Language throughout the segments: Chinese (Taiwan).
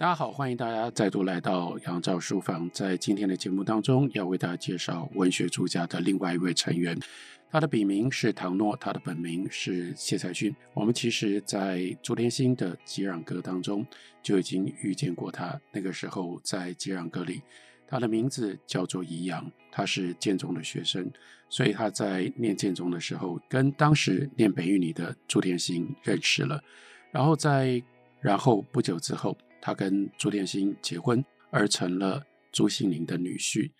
大家好，歡迎大家再度來到楊照書房。在今天的節目當中，要為大家介紹文學朱家的另外一位成員。他的筆名是唐諾，他的本名是謝才勳。我們其實，在朱天心的《擊壤歌》當中，就已經遇見過他。那個時候在《擊壤歌》裡，他的名字叫做宜陽，他是建中的學生，所以他在念建中的時候，跟當時念北一女的朱天心認識了。然後在然後不久之後。他跟朱天心結婚，而成了朱西甯的女婿。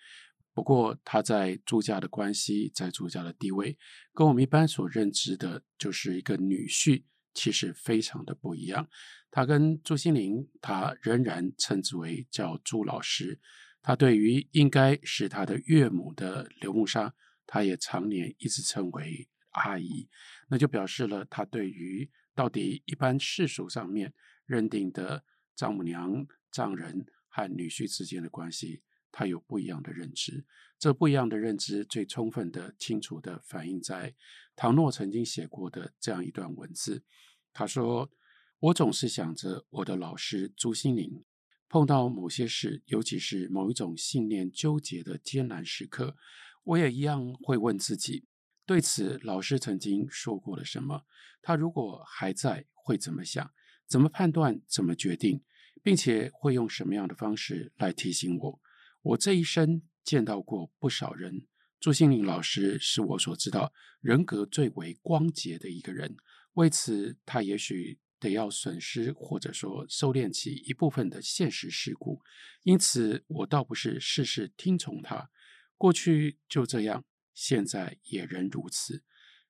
不過他在朱家的關係，在朱家的地位，跟我們一般所認知的，就是一個女婿，其實非常的不一樣。他跟朱西甯，他仍然稱之為叫朱老師。他對於應該是他的岳母的劉慕沙，他也常年一直稱為阿姨。那就表示了他對於到底一般世俗上面認定的。丈母娘、丈人和女婿之間的關係，他有不一樣的認知。這不一樣的認知，最充分的、清楚的反映在唐諾曾經寫過的這樣一段文字。他說：“我總是想着我的老師朱西甯，碰到某些事，尤其是某一種信念糾結的艱難時刻，我也一樣會問自己：對此，老師曾經說過了什麼？他如果還在，會怎麼想？怎麼判斷？怎麼決定？”並且會用什麼樣的方式來提醒我？我這一生見到過不少人，朱西甯老師是我所知道人格最為光潔的一個人。為此，他也許得要損失，或者說收斂起一部分的現實事故。因此，我倒不是事事聽從他。過去就這樣，現在也仍如此。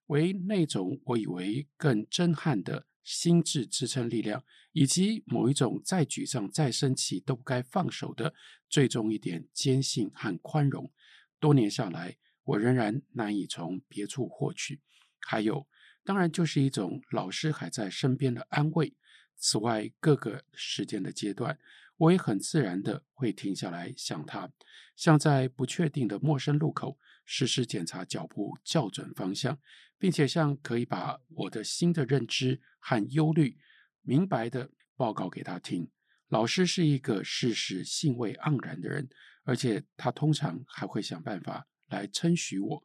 為那種我以為更震撼的。心智支撐力量，以及某一種再沮喪、再生氣都不該放手的最終一點堅信和寬容，多年下來，我仍然難以從別處獲取。還有，當然就是一種老師還在身邊的安慰。此外，各個時間的階段，我也很自然的會停下來想他，像在不確定的陌生路口。實時檢查腳步，校準方向，並且像可以把我的新的認知和憂慮明白地報告給他聽。老師是一個事事興味盎然的人，而且他通常還會想辦法來稱許我。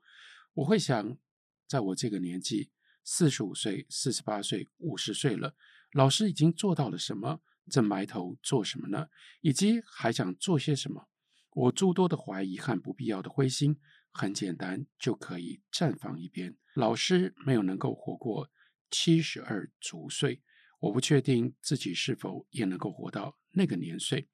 我會想，在我這個年紀，四十五歲、四十八歲、五十歲了，老師已經做到了什麼？正埋頭做什麼呢？以及還想做些什麼？我諸多的懷疑和不必要的灰心。很簡單，就可以綻放一遍。老師沒有能夠活過七十二足歲，我不確定自己是否也能夠活到那個年歲。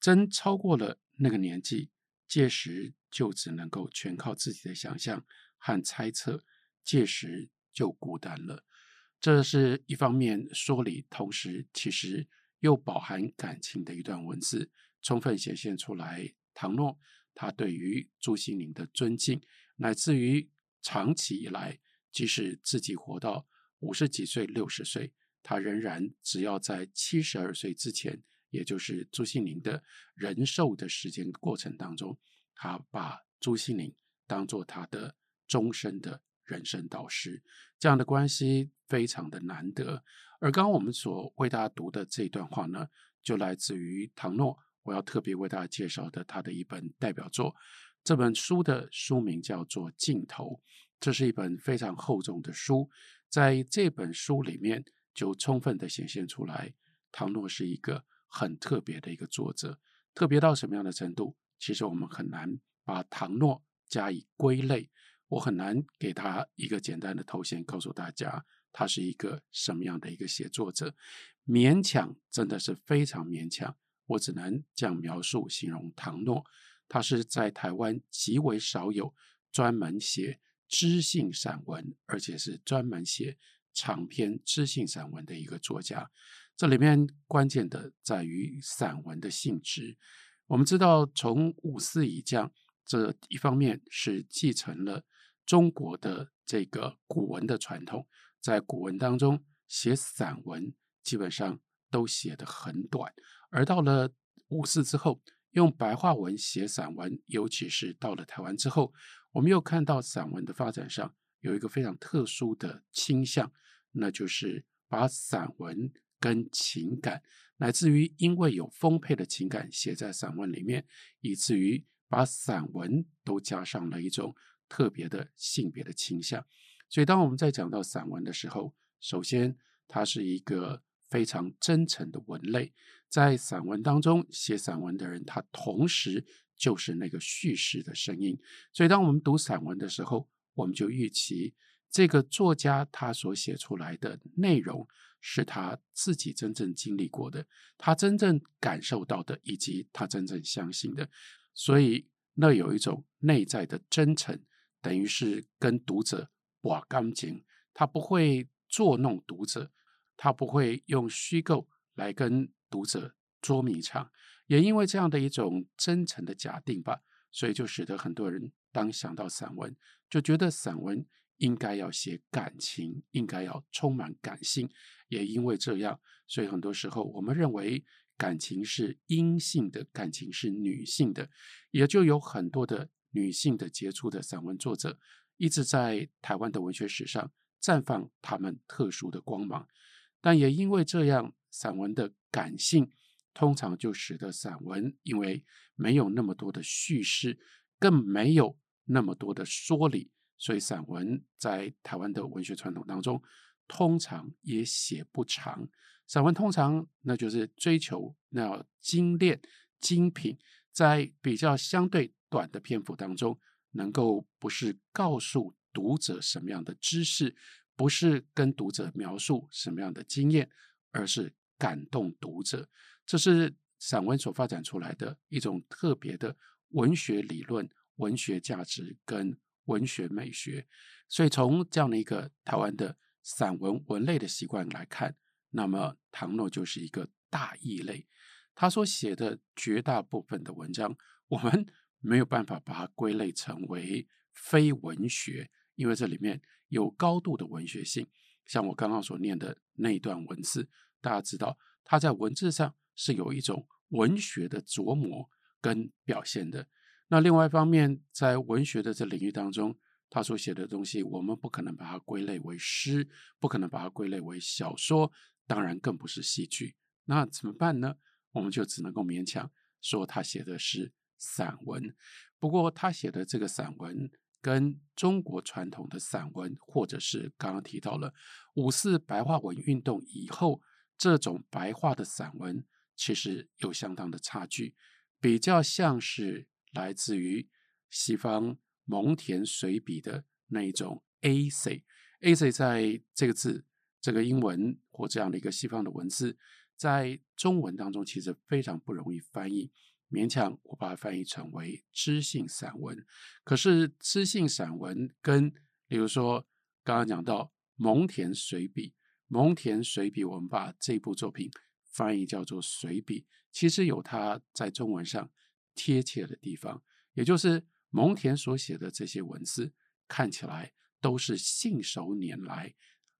真超過了那個年紀，屆時就只能夠全靠自己的想象和猜測，屆時就孤單了。這是一方面說理，同時其實又飽含感情的一段文字，充分顯現出來唐諾。倘若。他對於朱西甯的尊敬，乃至於長期以來，即使自己活到五十幾歲、六十歲，他仍然只要在七十二歲之前，也就是朱西甯的人壽的時間的過程當中，他把朱西甯當做他的終身的人生導師，這樣的關係非常的難得。而剛剛我們所為大家讀的這段話呢，就來自於唐諾，我要特別為大家介紹的，他的一本代表作，這本書的書名叫做《盡頭》。這是一本非常厚重的書，在這本書裡面就充分的顯現出來，唐諾是一個很特別的一個作者，特別到什麼樣的程度？其實我們很難把唐諾加以歸類，我很難給他一個簡單的頭銜，告訴大家他是一個什麼樣的一個寫作者，勉強真的是非常勉強。我只能這樣描述、形容唐諾，他是在台灣極為少有專門寫知性散文，而且是專門寫長篇知性散文的一個作家。這裡面關鍵的在於散文的性質。我們知道，從五四以降，這一方面是繼承了中國的這個古文的傳統，在古文當中寫散文，基本上。都寫得很短，而到了五四之後，用白話文寫散文，尤其是到了台灣之後，我們又看到散文的發展上有一個非常特殊的傾向，那就是把散文跟情感，乃至於因為有豐沛的情感寫在散文裡面，以至於把散文都加上了一種特別的性別的傾向。所以，當我們在講到散文的時候，首先它是一個。非常真誠的文類，在散文當中寫散文的人，他同時就是那個敘事的聲音。所以，當我們讀散文的時候，我們就預期這個作家他所寫出來的內容是他自己真正經歷過的，他真正感受到的，以及他真正相信的。所以，那有一種內在的真誠，等於是跟讀者搏感情，他不會作弄讀者。他不會用虛構來跟讀者捉迷藏，也因為這樣的一種真誠的假定吧，所以就使得很多人當想到散文，就覺得散文應該要寫感情，應該要充滿感性。也因為這樣，所以很多時候我們認為感情是陰性的，感情是女性的，也就有很多的女性的傑出的散文作者一直在台灣的文學史上綻放他們特殊的光芒。但也因為這樣，散文的感性通常就使得散文因為沒有那麼多的敘事，更沒有那麼多的說理，所以散文在台灣的文學傳統當中，通常也寫不長。散文通常那就是追求那精煉精品，在比較相對短的篇幅當中，能夠不是告訴讀者什麼樣的知識，不是跟讀者描述什麼樣的經驗，而是感動讀者。這是散文所發展出來的一種特別的文學理論、文學價值跟文學美學。所以，從這樣的一個台灣的散文文類的習慣來看，那麼唐諾就是一個大異類。他所寫的絕大部分的文章，我們沒有辦法把它歸類成為非文學，因為這裡面。有高度的文學性，像我剛剛所念的那一段文字，大家知道，它在文字上是有一種文學的琢磨跟表現的。那另外一方面，在文學的這領域當中，他所寫的東西，我們不可能把它歸類為詩，不可能把它歸類為小說，當然更不是戲劇。那怎麼辦呢？我們就只能夠勉強說他寫的是散文。不過他寫的這個散文，跟中國傳統的散文，或者是剛剛提到了五四白話文運動以後，這種白話的散文，其實有相當的差距，比較像是來自於西方蒙田隨筆的那一種 essay，essay，在這個字、這個英文或這樣的一個西方的文字，在中文當中其實非常不容易翻譯。勉強我把它翻譯成為知性散文，可是知性散文跟，比如說剛剛講到蒙田隨《蒙田隨筆》，《蒙田隨筆》我們把這部作品翻譯叫做隨筆，其實有它在中文上貼切的地方，也就是蒙田所寫的這些文字看起來都是信手拈來，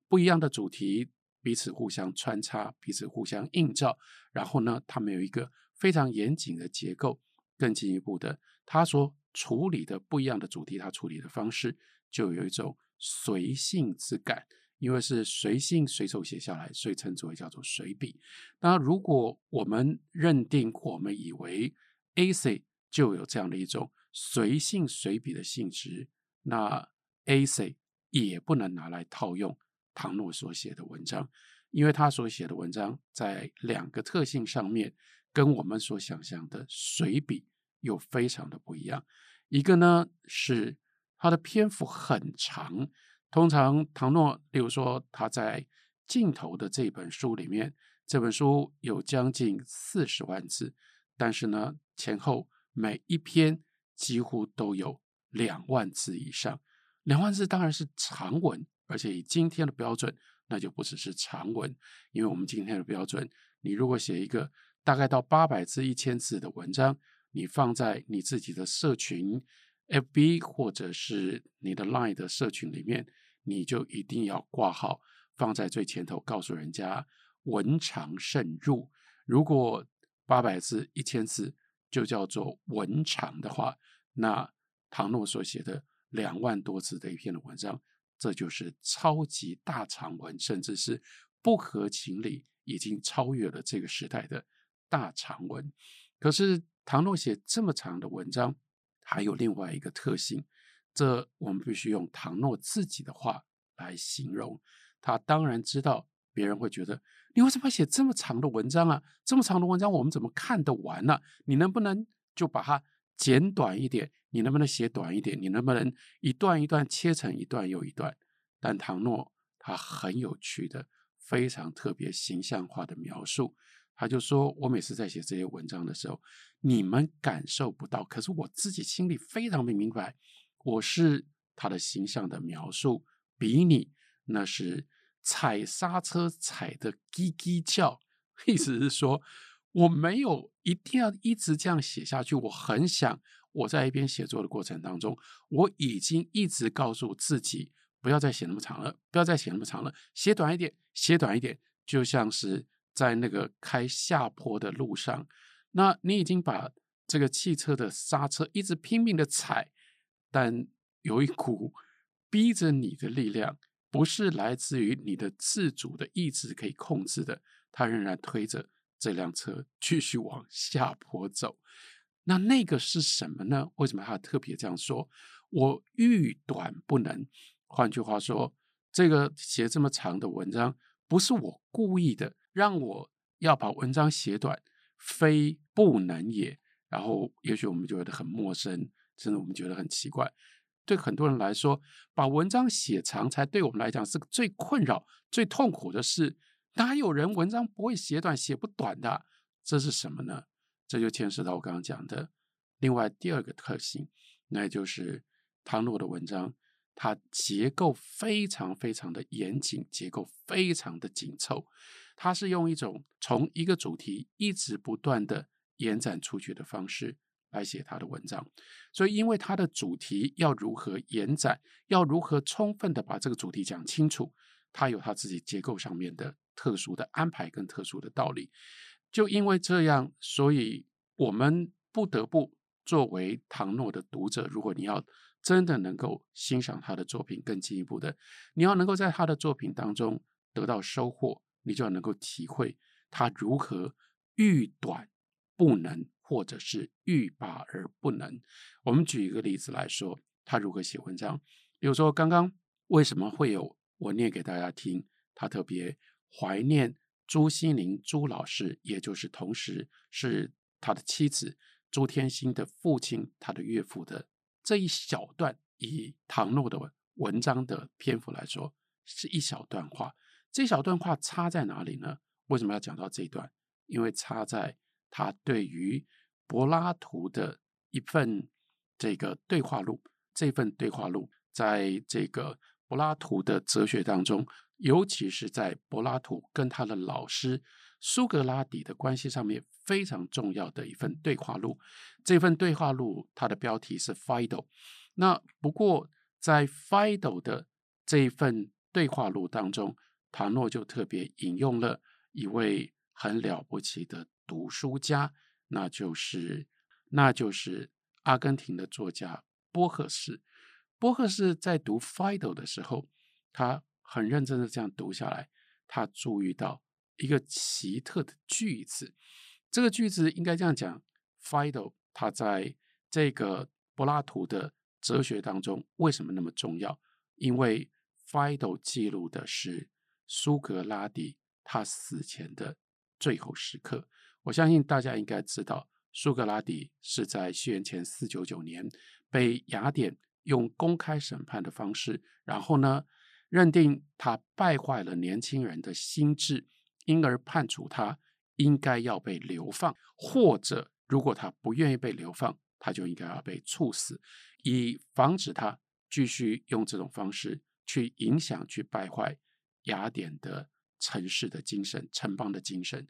不一樣的主題彼此互相穿插，彼此互相映照，然後呢，他們有一個非常嚴謹的結構，更進一步的，他所處理的不一樣的主題，他處理的方式，就有一種隨性之感，因為是隨性隨手寫下來，所以稱之為叫做隨筆。那如果我們認定我們以為 A C 就有這樣的一種隨性隨筆的性質，那 A C 也不能拿來套用唐諾所寫的文章，因為他所寫的文章在兩個特性上面。跟我們所想象的隨筆又非常的不一樣。一個呢，是它的篇幅很長，通常唐諾，例如說他在《盡頭》的這本書裡面，這本書有將近四十萬字，但是呢，前後每一篇幾乎都有兩萬字以上。兩萬字當然是長文，而且以今天的標準，那就不只是長文，因為我們今天的標準，你如果寫一個。大概到八百字一千字的文章，你放在你自己的社群 FB 或者是你的 LINE 的社群裡面，你就一定要掛號放在最前頭，告訴人家“文長慎入”。如果八百字一千字就叫做文長的話，那唐諾所寫的兩萬多字的一篇的文章，這就是超級大長文，甚至是不合情理，已經超越了這個時代的。大長文，可是唐諾寫這麼長的文章，還有另外一個特性，這我們必須用唐諾自己的話來形容。他當然知道別人會覺得你為什麼寫這麼長的文章啊？這麼長的文章我們怎麼看得完呢？啊？你能不能就把它剪短一點？你能不能寫短一點？你能不能一段一段切成一段又一段？但唐諾他很有趣的，非常特別形象化的描述。他就說：“我每次在寫這些文章的時候，你們感受不到，可是我自己心裡非常明明白。我是他的形象的描述，比你那是踩剎車踩得嘰嘰叫，意思是說我沒有一定要一直這樣寫下去。我很想我在一邊寫作的過程當中，我已經一直告訴自己不要再寫那麼長了，不要再寫那麼長了，寫短一點，寫短一點，就像是。”在那個開下坡的路上，那你已經把這個汽車的剎車一直拼命的踩，但有一股逼着你的力量，不是來自於你的自主的意志可以控制的，它仍然推着這輛車繼續往下坡走。那那個是什麼呢？為什麼他特別這樣說？我欲短不能，換句話說，這個寫這麼長的文章，不是我故意的。讓我要把文章寫短，非不能也。然後，也許我們覺得很陌生，甚至我們覺得很奇怪。對很多人來說，把文章寫長才對我們來講是最困擾、最痛苦的事。哪有人文章不會寫短、寫不短的？這是什麼呢？這就牽涉到我剛剛講的另外第二個特性，那就是唐諾的文章，它結構非常非常的嚴謹，結構非常的緊湊。他是用一種從一個主題一直不斷的延展出去的方式來寫他的文章，所以因為他的主題要如何延展，要如何充分的把這個主題講清楚，他有他自己結構上面的特殊的安排跟特殊的道理。就因為這樣，所以我們不得不作為唐諾的讀者，如果你要真的能夠欣賞他的作品更進一步的，你要能夠在他的作品當中得到收穫。你就要能夠體會他如何欲短不能，或者是欲罷而不能。我們舉一個例子來說，他如何寫文章。比如說，剛剛為什麼會有我念給大家聽？他特別懷念朱西甯朱老師，也就是同時是他的妻子朱天心的父親，他的岳父的這一小段，以唐諾的文章的篇幅來說，是一小段話。這小段話差在哪裡呢？為什麼要講到這一段？因為差在他對於柏拉圖的一份這個對話錄，這份對話錄在這個柏拉圖的哲學當中，尤其是在柏拉圖跟他的老師蘇格拉底的關係上面非常重要的一份對話錄。這份對話錄它的標題是《Phaedo》。那不過在《Phaedo》的這一份對話錄當中。唐諾就特別引用了一位很了不起的讀書家，那就是那就是阿根廷的作家波赫士。波赫士在讀《Fido》的時候，他很認真的這樣讀下來，他注意到一個奇特的句子。這個句子應該這樣講：《Fido》它在這個柏拉圖的哲學當中為什麼那麼重要？因為《Fido》記錄的是。蘇格拉底他死前的最後時刻，我相信大家應該知道，蘇格拉底是在公元前四九九年被雅典用公開審判的方式，然後呢，認定他敗壞了年輕人的心智，因而判處他應該要被流放，或者如果他不願意被流放，他就應該要被處死，以防止他繼續用這種方式去影響、去敗壞。雅典的城市的精神，城邦的精神。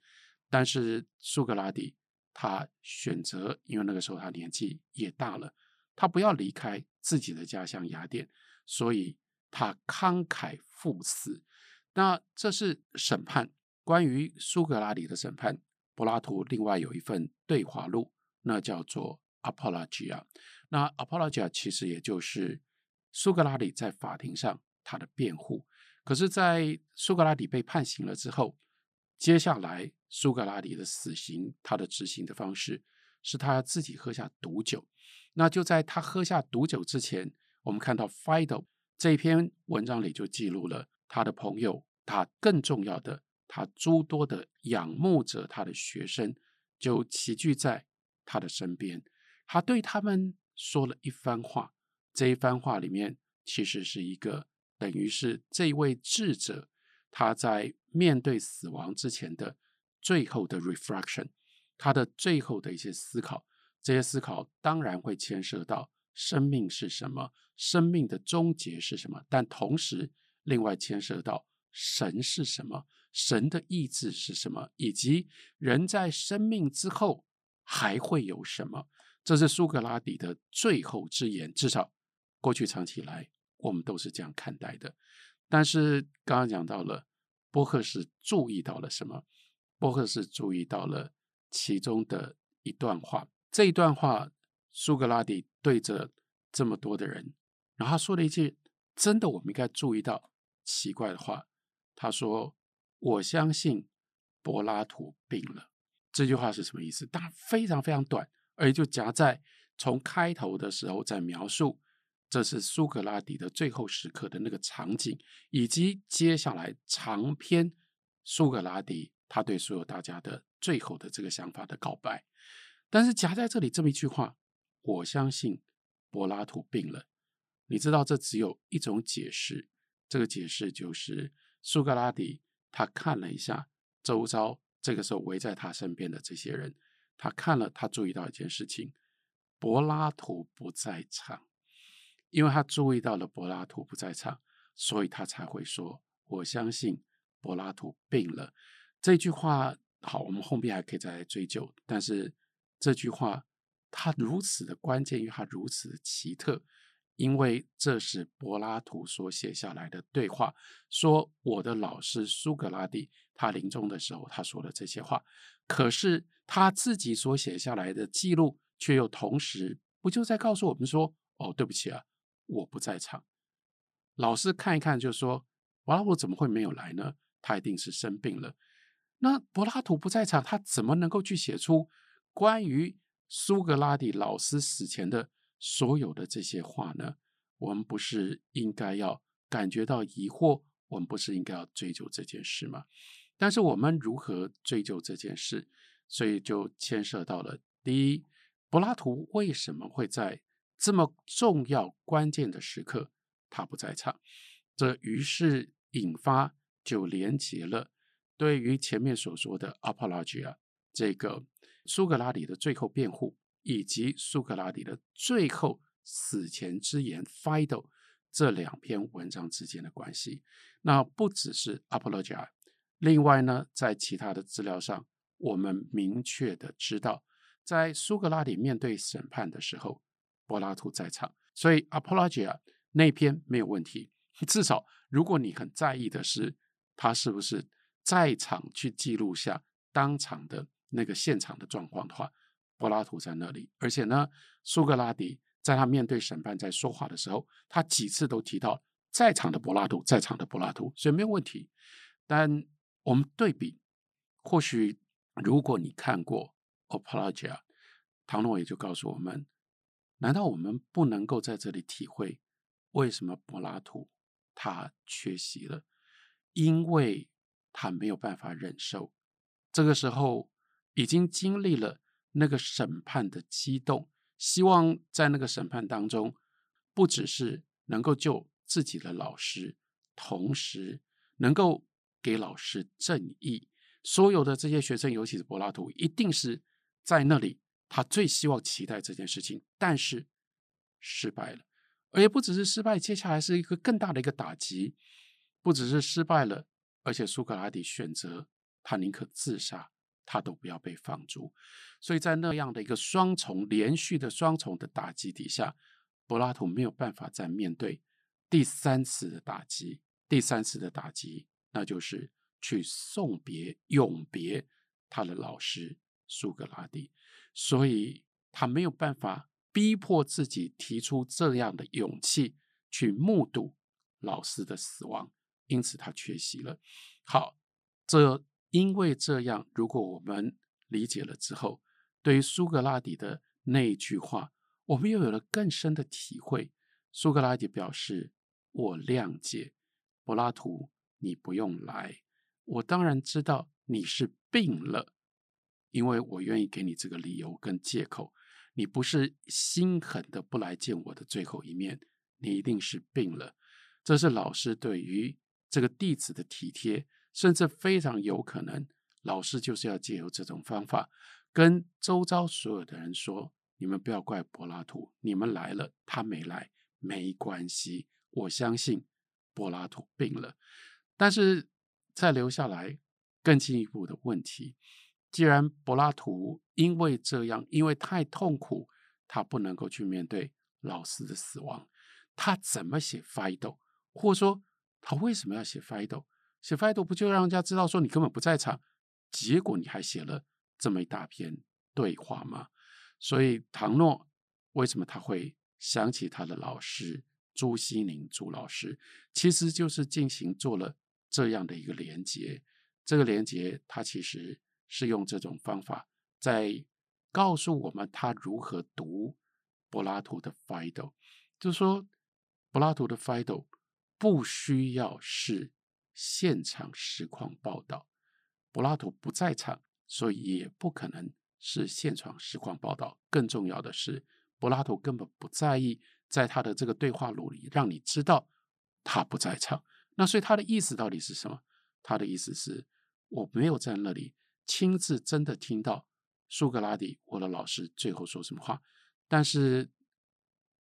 但是蘇格拉底他選擇，因為那個時候他年紀也大了，他不要離開自己的家鄉雅典，所以他慷慨赴死。那這是審判。關於蘇格拉底的審判，柏拉圖另外有一份對話錄，那叫做《Apologia》。那《Apologia》其實也就是蘇格拉底在法庭上他的辯護。可是，在蘇格拉底被判刑了之後，接下來蘇格拉底的死刑，他的執行的方式是他自己喝下毒酒。那就在他喝下毒酒之前，我們看到 Fido 這一篇文章裡就記錄了他的朋友，他更重要的，他諸多的仰慕者，他的學生就齊聚在他的身邊，他對他們說了一番話。這一番話裡面，其實是一個。等於是這位智者，他在面對死亡之前的最後的 reflection，他的最後的一些思考，這些思考當然會牽涉到生命是什麼，生命的終結是什麼，但同時另外牽涉到神是什麼，神的意志是什麼，以及人在生命之後還會有什麼？這是蘇格拉底的最後之言，至少過去長期以來。我們都是這樣看待的，但是剛剛講到了，波赫士注意到了什麼？波赫士注意到了其中的一段話。這一段話，蘇格拉底對着這麼多的人，然後他說了一句真的，我們應該注意到奇怪的話。他說：“我相信柏拉圖病了。”這句話是什麼意思？當然非常非常短，而且就夾在從開頭的時候在描述。這是蘇格拉底的最後時刻的那個場景，以及接下來長篇蘇格拉底他對所有大家的最後的這個想法的告白。但是夾在這裡這麼一句話，我相信柏拉圖病了。你知道，這只有一種解釋。這個解釋就是蘇格拉底他看了一下周遭這個時候圍在他身邊的這些人，他看了，他注意到一件事情：柏拉圖不在場。因為他注意到了柏拉圖不在場，所以他才會說：“我相信柏拉圖病了。”這句話好，我們後面還可以再追究。但是這句話它如此的關鍵，因為它如此的奇特，因為這是柏拉圖所寫下來的對話，說我的老師蘇格拉底他臨終的時候他說了這些話，可是他自己所寫下來的記錄，卻又同時不就在告訴我們說：“哦，對不起啊。”我不在場，老師看一看就說：“柏拉圖怎麼會沒有來呢？他一定是生病了。”那柏拉圖不在場，他怎麼能夠去寫出關於蘇格拉底老師死前的所有的這些話呢？我們不是應該要感覺到疑惑，我們不是應該要追究這件事嗎？但是我們如何追究這件事？所以就牽涉到了第一，柏拉圖為什麼會在？這麼重要關鍵的時刻，他不在場，這於是引發就連結了，對於前面所說的《Apologia》這個蘇格拉底的最後辯護，以及蘇格拉底的最後死前之言《Fido》這兩篇文章之間的關係，那不只是《Apologia》。另外呢，在其他的資料上，我們明確的知道，在蘇格拉底面對審判的時候。柏拉圖在場，所以《Apologia》那篇沒有問題。至少，如果你很在意的是他是不是在場去記錄下當場的那個現場的狀況的話，柏拉圖在那裡。而且呢，蘇格拉底在他面對審判在說話的時候，他幾次都提到在場的柏拉圖，在場的柏拉圖，所以沒有問題。但我們對比，或許如果你看過《Apologia》，唐諾也就告訴我們。難道我們不能夠在這裡體會為什麼柏拉圖他缺席了？因為他沒有辦法忍受，這個時候已經經歷了那個審判的激動，希望在那個審判當中，不只是能夠救自己的老師，同時能夠給老師正義。所有的這些學生，尤其是柏拉圖，一定是在那裡。他最希望期待這件事情，但是失敗了，而也不只是失敗，接下來是一個更大的一個打擊，不只是失敗了，而且蘇格拉底選擇他寧可自殺，他都不要被放逐。所以在那樣的一個雙重連續的雙重的打擊底下，柏拉圖沒有辦法再面對第三次的打擊，第三次的打擊，那就是去送別、永別他的老師蘇格拉底。所以他沒有辦法逼迫自己提出這樣的勇氣去目睹老師的死亡，因此他缺席了。好，這因為這樣，如果我們理解了之後，對於蘇格拉底的那一句話，我們又有了更深的體會。蘇格拉底表示：“我諒解柏拉圖，你不用來。我當然知道你是病了。”因為我願意給你這個理由跟借口，你不是心狠的不來見我的最後一面，你一定是病了。這是老師對於這個弟子的體貼，甚至非常有可能，老師就是要借由這種方法跟周遭所有的人說：你們不要怪柏拉圖，你們來了他沒來沒關係，我相信柏拉圖病了。但是再留下來更進一步的問題。既然柏拉圖因為這樣，因為太痛苦，他不能夠去面對老師的死亡，他怎麼寫《斐多》？或者說他為什麼要寫《斐多》？寫《斐多》，不就讓人家知道說你根本不在場？結果你還寫了這麼一大篇對話嗎？所以唐諾為什麼他會想起他的老師朱西甯朱老師？其實就是進行做了這樣的一個連接。這個連接，他其實。是用這種方法在告訴我們他如何讀柏拉圖的《斐多》。就是說柏拉圖的《斐多》，不需要是現場實況報道，柏拉圖不在場，所以也不可能是現場實況報道。更重要的是，柏拉圖根本不在意，在他的這個對話錄裡讓你知道他不在場。那所以他的意思到底是什麼？他的意思是，我沒有在那裡。親自真的聽到蘇格拉底或者老師最後說什麼話，但是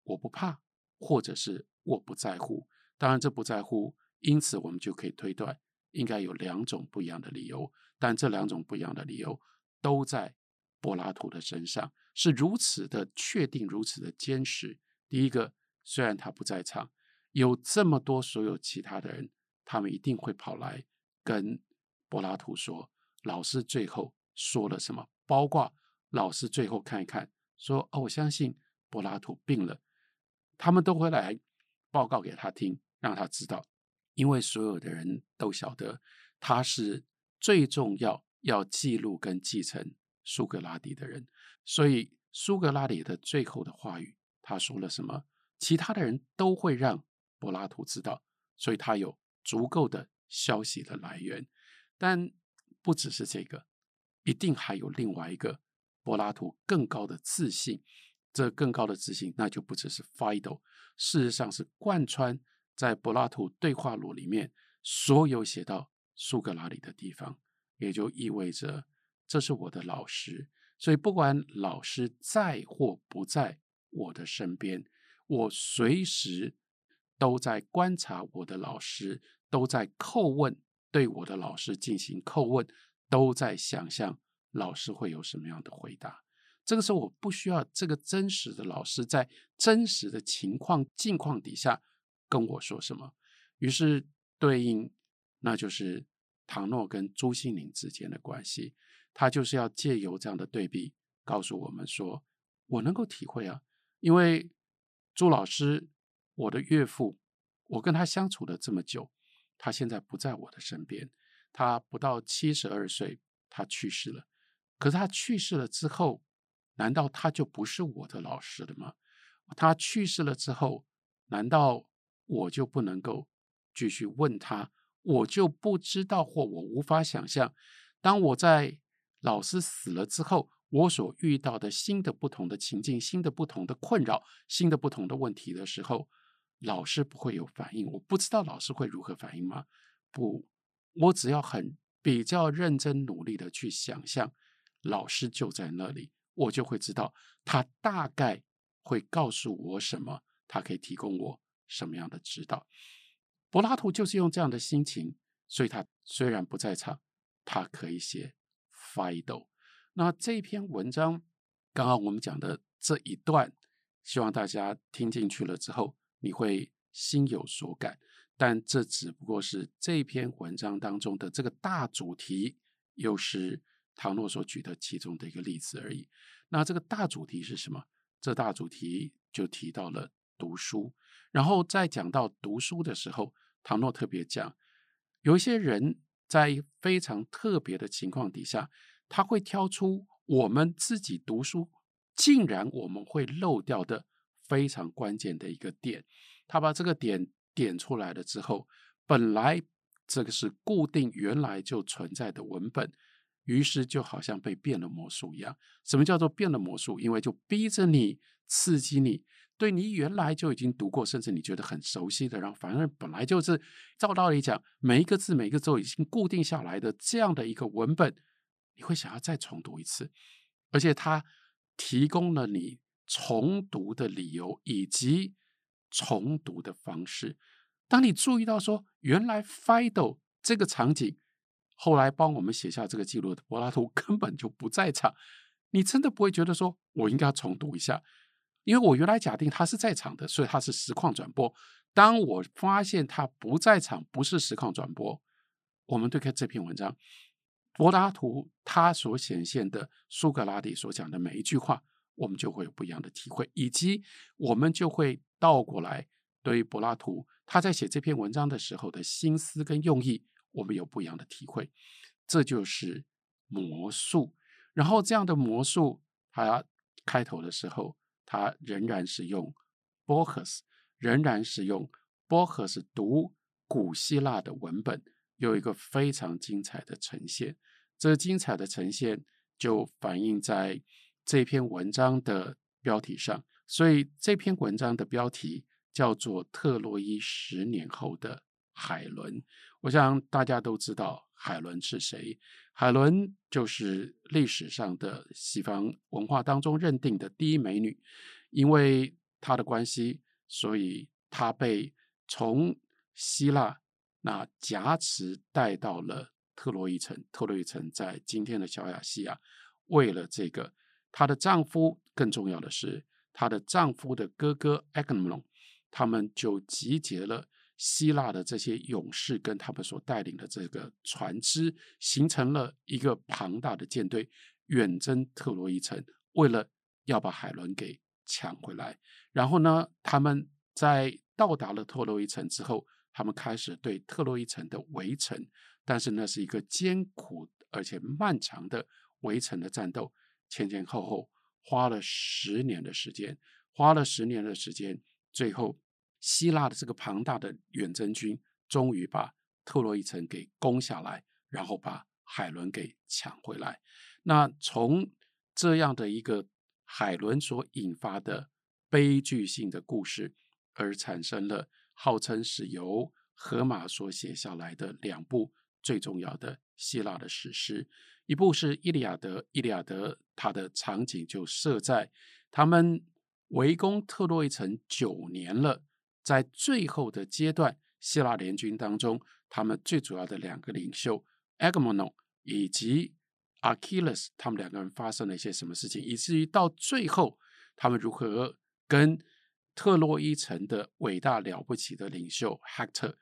我不怕，或者是我不在乎。當然，這不在乎，因此我們就可以推斷，應該有兩種不一樣的理由。但這兩種不一樣的理由都在柏拉圖的身上，是如此的確定，如此的堅持。第一個，雖然他不在場，有這麼多所有其他的人，他們一定會跑來跟柏拉圖說。老師最後說了什麼？包括老師最後看一看，說：“哦，我相信柏拉圖病了，他們都會來報告給他聽，讓他知道，因為所有的人都曉得他是最重要要記錄跟繼承蘇格拉底的人。所以蘇格拉底的最後的話語，他說了什麼？其他的人都會讓柏拉圖知道，所以他有足夠的消息的來源，但。”不只是這個，一定還有另外一個柏拉圖更高的自信。這更高的自信，那就不只是 fido，事實上是貫穿在柏拉圖對話錄裡面所有寫到蘇格拉底的地方，也就意味着這是我的老師。所以不管老師在或不在我的身邊，我隨時都在觀察我的老師，都在叩問。對我的老師進行叩問，都在想象老師會有什麼樣的回答。這個時候，我不需要這個真實的老師在真實的情況境況底下跟我說什麼。於是，對應那就是唐諾跟朱西甯之間的關係，他就是要借由這樣的對比，告訴我們說，我能夠體會啊，因為朱老師，我的岳父，我跟他相處了這麼久。他現在不在我的身邊，他不到七十二歲，他去世了。可是他去世了之後，難道他就不是我的老師了嗎？他去世了之後，難道我就不能夠繼續問他？我就不知道或我無法想象，當我在老師死了之後，我所遇到的新的不同的情境、新的不同的困擾、新的不同的問題的時候。老師不會有反應，我不知道老師會如何反應嗎？不，我只要很比較認真努力的去想象，老師就在那裡，我就會知道他大概會告訴我什麼，他可以提供我什麼樣的指導。柏拉圖就是用這樣的心情，所以他雖然不在場，他可以寫《斐多》。那這篇文章，剛剛我們講的這一段，希望大家聽進去了之後。你會心有所感，但這只不過是這篇文章當中的這個大主題，又是唐諾所舉的其中的一個例子而已。那這個大主題是什麼？這大主題就提到了讀書。然後在講到讀書的時候，唐諾特別講，有一些人在非常特別的情況底下，他會挑出我們自己讀書竟然我們會漏掉的非常關鍵的一個點，他把這個點點出來了之後，本來這個是固定原來就存在的文本，於是就好像被變了魔術一樣。什麼叫做變了魔術？因為就逼着你刺激你，對你原來就已經讀過，甚至你覺得很熟悉的，然後反而本來就是照道理講，每一個字每個字都已經固定下來的這樣的一個文本，你會想要再重讀一次，而且它提供了你。重讀的理由以及重讀的方式。當你注意到說，原來 Fido 這個場景後來幫我們寫下這個記錄的柏拉圖根本就不在場，你真的不會覺得說，我應該要重讀一下，因為我原來假定他是在場的，所以他是實況轉播。當我發現他不在場，不是實況轉播，我們對看這篇文章，柏拉圖他所顯現的蘇格拉底所講的每一句話。我們就會有不一樣的體會，以及我們就會倒過來對於柏拉圖他在寫這篇文章的時候的心思跟用意，我們有不一樣的體會。這就是魔術。然後這樣的魔術，他開頭的時候，他仍然是用波赫 s 仍然是用波赫 s 讀古希臘的文本，有一個非常精彩的呈現。這精彩的呈現就反映在。這篇文章的標題上，所以這篇文章的標題叫做《特洛伊十年後的海倫》。我想大家都知道海倫是誰。海倫就是歷史上的西方文化當中認定的第一美女，因為她的關係，所以她被從希臘那挾持帶到了特洛伊城。特洛伊城在今天的小亞細亞，為了這個。她的丈夫，更重要的是，她的丈夫的哥哥阿格曼儂，他們就集結了希臘的這些勇士，跟他們所帶領的這個船隻，形成了一個龐大的艦隊，遠征特洛伊城，為了要把海倫給搶回來。然後呢，他們在到達了特洛伊城之後，他們開始對特洛伊城的圍城，但是那是一個艱苦而且漫長的圍城的戰鬥。前前後後花了十年的時間，花了十年的時間，最後希臘的這個龐大的遠征軍終於把特洛伊城給攻下來，然後把海倫給搶回來。那從這樣的一個海倫所引發的悲劇性的故事，而產生了號稱是由荷馬所寫下來的兩部最重要的希臘的史詩。一部是伊利亞德《伊利亞德》，《伊利亞德》他的場景就設在他們圍攻特洛伊城九年了，在最後的階段，希臘聯軍當中，他們最主要的兩個領袖 Agamemnon 以及 Achilles，他們兩個人發生了一些什麼事情，以至於到最後，他們如何跟特洛伊城的偉大了不起的領袖 Hector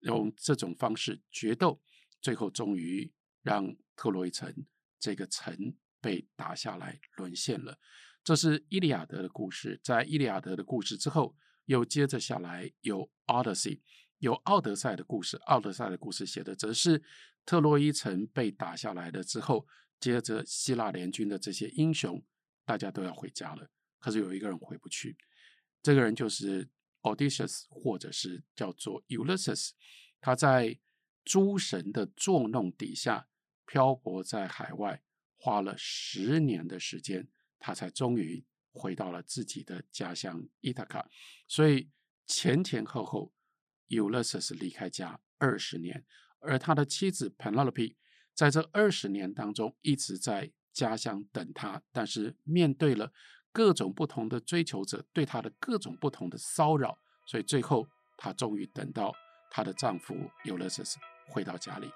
用這種方式決鬥，最後終於。讓特洛伊城這個城被打下來，淪陷了。這是《伊利亞德》的故事。在《伊利亞德》的故事之後，又接着下來有《Odyssey》，有《奧德賽》的故事，《奧德賽》的故事。《奧德賽》的故事寫的則是特洛伊城被打下來了之後，接着希臘聯軍的這些英雄，大家都要回家了。可是有一個人回不去，這個人就是 Odysseus，或者是叫做 Ulysses。他在諸神的作弄底下。漂泊在海外，花了十年的時間，他才終於回到了自己的家鄉伊塔卡。所以前前後後，尤勒斯是離開家二十年，而他的妻子 Penelope 在這二十年當中一直在家鄉等他，但是面對了各種不同的追求者，對他的各種不同的騷擾，所以最後他終於等到他的丈夫尤勒斯回到家裡。